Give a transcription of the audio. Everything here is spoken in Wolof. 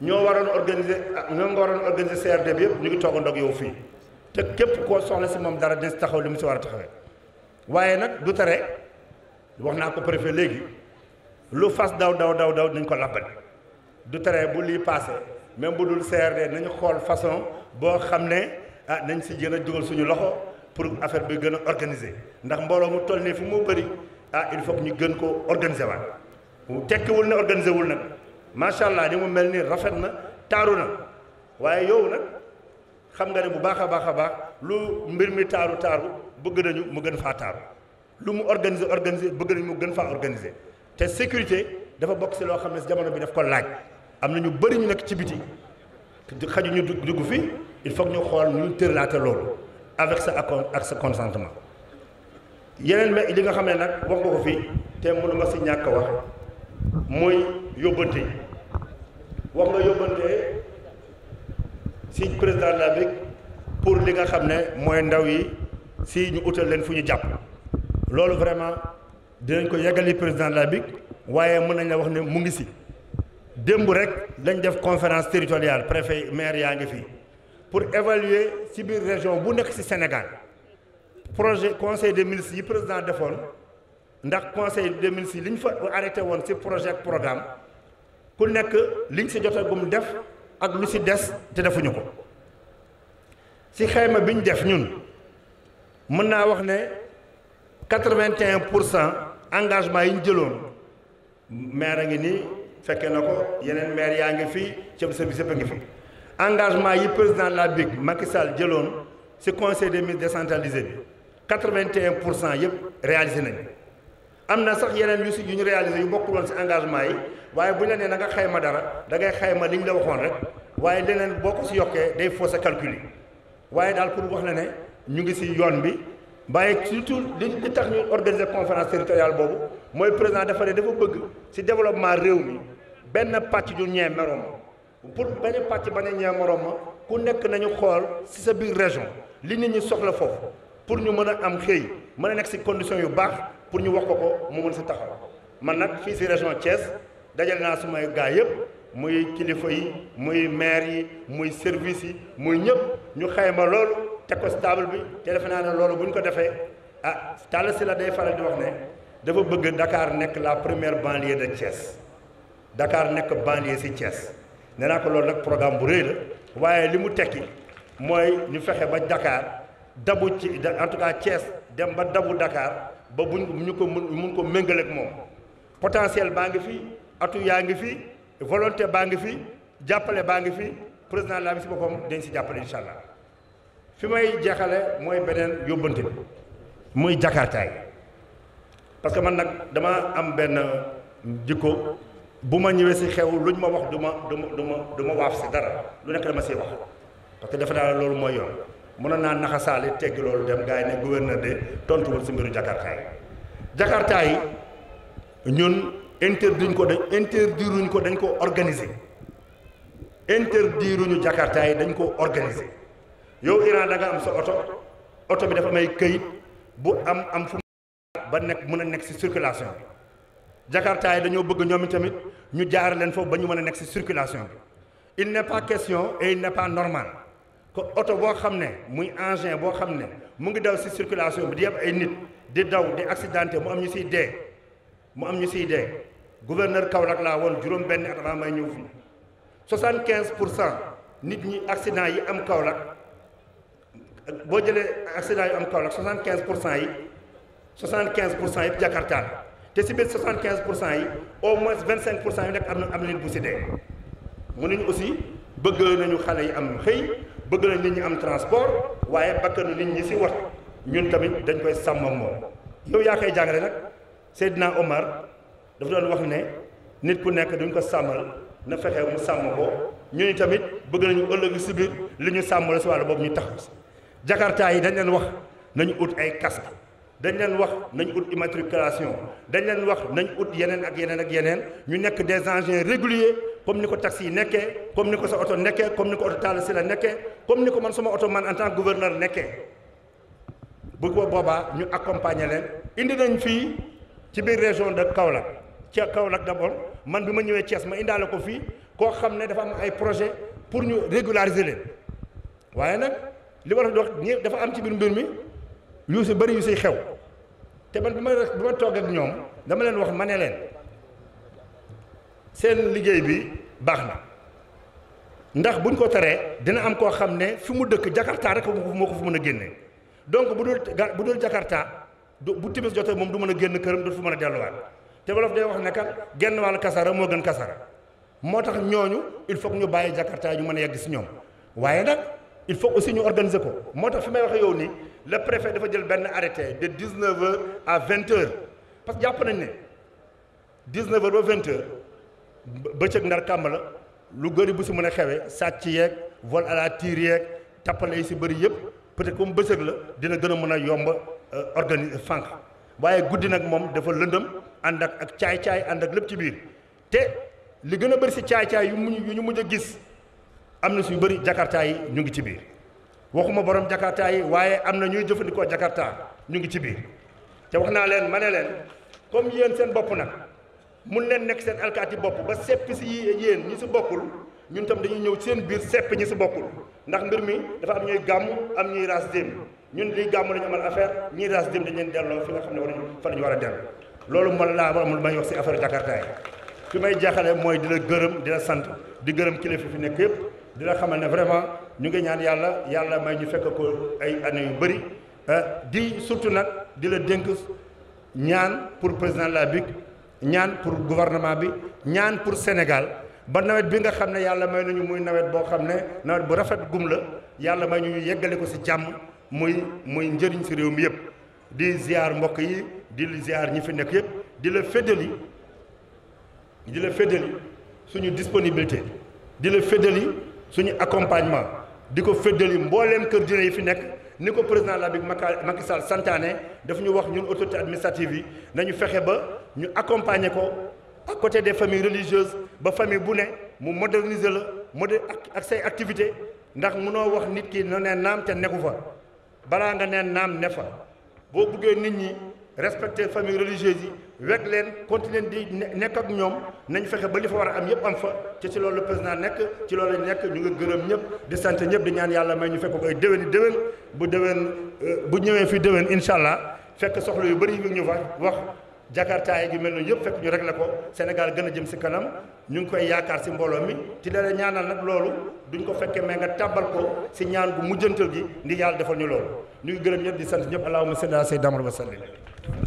ñoo waroon organiser ñoo nga waroon organiser CRD bi yëpp ñu ngi toog ndog yow fii te képp koo soxla si moom dara des taxaw li mu si war a taxawee waaye nag du tere wax naa ko préfet léegi lu fas daw daw daw daw nañ ko labbali du tere bu lii passé même bu dul CRD nañu xool façon boo xam ne ah nañ si gën a dugal suñu loxo pour affaire bi gën a organiser ndax mbooloo mu toll nii fu mu bëri ah il faut ñu gën ko organiser waat tekkiwul ne organiser wul nag. macha allah ni mu mel nii rafet na taaru na waaye yow nag xam nga ne bu baax a baax a baax lu mbir mi taaru taaru bëgg nañu mu gën faa taaru lu mu organiser organiser bëgg nañu mu gën faa organiser te sécurité dafa bokk si loo xam ne si jamono bi daf ko laaj am na ñu bëri ñu nekk ci biti xaju ñu dugg fii il faut ñu xool ñu tërlaate loolu avec sa accord ak sa consentement yeneen mais li nga xam ne nag wax nga fii te mënuma si ñàkk wax mooy yóbbante yi wax nga yóbbante si président de la pour li nga xam ne mooy ndaw yi si ñu utal leen fu ñu jàpp loolu vraiment dinañ ko yeggali président de waaye mën nañ la wax ne mu ngi si démb rek lañ def conférence territoriale préfet maire yaa ngi fii pour évaluer si biir région bu nekk si Sénégal projet conseil de ministres yi président defoon ndax conseil des ministres yi li ñu fa arrêté woon si projet programme ku nekk liñ si mu def ak lu si des te defuñu ko si xayma biñ def ñun mën naa wax ne quatre-vingt-un pour cent engagement yi ñu jëloon maire a ngi nii fekkee na ko yeneen maire yaa ngi fi chef de service yëpp a ngi fi engagement yi président de la BIC Macky Sall jëloon si conseil des ministres décentralisé bi quatre pour cent yëpp réalisé nañ am na sax yeneen yu si yu ñu réalisé yu bokkul woon si engagement yi waaye bu ñu la nee na nga xayma dara da ngay xayma li ñu la waxoon rek waaye leneen boo ko si yokkee day fausse sa calcul yi waaye daal pour wax na ne ñu ngi si yoon bi waaye surtout li li tax ñu organiser conférence territoriale boobu mooy président dafa ne dafa bëgg si développement réew mi benn pàcc du ñee moroom pour benn pàcc ba ne ñee moroom ma ku nekk nañu xool si sa biir région li nit ñi soxla foofu pour ñu mën a am xëy mën a nekk si condition yu baax pour ñu wax ko ko mu mën si taxaw man nag fii si région Thiès dajal naa sumay gaa yëpp muy kilifa yi muy maire yi muy service yi muy ñëpp ñu ma loolu teg ko si table bi te naa ne loolu bu ñu ko defee ah si la day faral di wax ne dafa bëgg ndakaar nekk la première banlieue de Thiès Dakar nekk banlieue si Thiès nee naa ko loolu nag programme bu rëy la waaye li mu tekki mooy ñu fexe ba Dakar. dabu ci en tout cas Thiès dem ba dabu dakaar ba buñ ñu ko mun mun ko méngale moom potentiel baa ngi fi atu yaa ngi fi volonté baa ngi fi jàppale baa ngi fi président la mi si boppam dañ si jàppale incha allah fi may jeexale mooy beneen yóbbante bi muy jakartaay parce que man nag dama am benn jikko bu ma ñëwee si xew lu ñu ma wax du ma du ma du ma du ma waaf si dara lu nekk dama siy wax parce que defe naa loolu mooy yoon mënoon naa naxasaale teggi loolu dem gars yi ne gouverneur de tontuwul si mbiru Jakarta yi Jakarta yi ñun interdiruñ ko dañ ko dañ ko organiser interdiruñu Jakarta yi dañ ko organiser yow Iran da am sa oto oto bi dafa may këyit bu am am fu ba nekk mën a nekk si circulation bi Jakarta yi dañoo bëgg ñoom tamit ñu jaar leen foofu ba ñu mën a nekk si circulation bi il n'est question et il n'est normal que oto boo xam ne muy engin boo xam ne mu ngi daw si circulation bi di yëpp ay nit di daw di accidenté mu am ñu si dee mu am ñu si dee gouverneur Kaolack laa woon juróom benn at avant may ñëw fii soixante quinze pour cent nit ñi accident yi am Kaolack boo jëlee accident yi am Kaolack soixante quinze pour cent yi soixante quinze pour cent yëpp Jakarta la te ci biir soixante quinze pour cent yi au moins vingt cinq pour cent yi nekk am na am na nit bu si dee mu ne bëgg nañu xale yi am xëy bëgg na nit ñi am transport waaye bakkanu nit ñi si wat ñun tamit dañ koy sàmm ak moom yow yaa koy jàngale nag Seydina Omar dafa doon wax ne nit ku nekk duñu ko sàmmal na fexe mu sàmm ko ñun tamit bëgg nañu ëllëg si biir li ñu sàmm si wàllu boobu ñu tax si yi dañ leen wax nañu ut ay casque dañ leen wax nañ ut immatriculation dañ leen wax nañ ut yeneen ak yeneen ak yeneen ñu nekk des engins réguliers comme ni ko taxi si nekkee comme ni ko sa oto nekkee comme ni ko oto taal si la nekkee comme ni ko man sama oto man en tant que gouverneur nekkee bu ko boobaa ñu accompagner leen indi nañ fii ci biir région de Kaolack ca Kaolack d'abord man bi ma ñëwee Thiès ma indaale ko fii koo xam ne dafa am ay projet pour ñu régulariser leen waaye nag li war a dox ñëpp dafa am ci biir mbir mi yu si bëri yu si xew te man bi ma bi ma toog ñoom dama leen wax ma ne leen seen liggéey bi baax na ndax buñ ko teree dina am koo xam ne fi mu dëkk Jakarta rek moo ko fi mën a génnee donc bu dul bu dul Jakarta bu timis jotee moom du mën a génn këram du fi mën a delluwaat te wolof day wax ne kat genn wàll kasara moo gën kasara moo tax ñooñu il faut ñu bàyyi Jakarta ñu mën a yegg si ñoom waaye nag il faut aussi ñu organiser ko moo tax fi may waxee yow nii le préfet dafa jël benn arrêté de 19 heures à 20 heures parce que jàpp nañ ne 19 heures ba bëccëg ndar kàmb la lu gëri bu si mën a xewee sàcc yeeg vol à la tire yeeg tappale yi si bëri yëpp peut-être comme bëccëg la dina gën a mën a yomb euh, organiser fànq waaye guddi nag moom dafa lëndëm ànd ak caay-caay ànd ak lépp ci biir te li gën a bëri si caay-caay yu mu yu ñu mujj a gis am na suñu bëri jakarta yi ñu ngi ci biir waxuma borom jakarta yi waaye am na ñuy jëfandikoo jakarta ñu ngi ci biir te wax naa leen ma ne leen comme yeen seen bopp nag mun leen nekk seen alkaati bopp ba sepp si yéen ñi si bokkul ñun tam dañuy ñëw seen biir sepp ñi si bokkul ndax mbir mi dafa am ñuy gàmm am ñuy raas dem ñun di gàmm la amal affaire ñiy raas dem dañ leen delloo fi nga xam ne war fan la ñu war a dellu loolu man laa amul may wax si affaire jakartaay fi may jeexale mooy di la gërëm di la sant di gërëm kilifa fi nekk yëpp di la xamal ne vraiment ñu ngi ñaan yàlla yàlla may ñu fekk ko ay année yu bëri ah, di surtout nag di la dénk ñaan pour président la République ñaan pour gouvernement bi ñaan pour Sénégal ba nawet bi nga xam ne yàlla may nañu muy nawet boo xam ne nawet bu rafet gum la yàlla may ñu yeggale ko si jàmm muy muy njëriñ si réew mi yëpp di ziar mbokk yi di ziar ñi fi nekk yëpp di la féddali di la féddali suñu disponibilité di la féddali suñu accompagnement di ko féddali mbooleem kër dina yi fi nekk ni ko président la bi Macky Sall santaane daf ñu wax ñun autorité administrative yi nañu fexe ba ñu accompagner ko à côté des familles religieuses ba famille bu ne mu moderniser la modé ak say activité ndax mu noo wax nit ki no ne naam te nekku fa balaa nga neen naam ne fa boo buggee nit ñi respecter famille religieuse yi weg leen continuer di nekk ak ñoom nañ fexe ba li fa war am yëpp am fa ci ci loolu président nekk ci loolu lañ nekk ñu ngi gërëm ñëpp di sant ñëpp di ñaan yàlla ñu fekk ko ay déwén i déwén bu déwén euh, bu ñëwee fii déwén incha allah fekk soxla yu bëri yi ñu wax jakartaay gi mel noonu yëpp fekk ñu réglé ko Sénégal gën a jëm si kanam ñu ngi koy yaakaar si mbooloo mi ti dara ñaanal nag loolu duñ ko fekkee mais nga tàbbal ko ñaan bu mujjantal gi ndi yàlla defal ñu loolu ñu ngi ñëpp di sant ñëpp allahumma salli ala sayyidina Muhammad wa sallim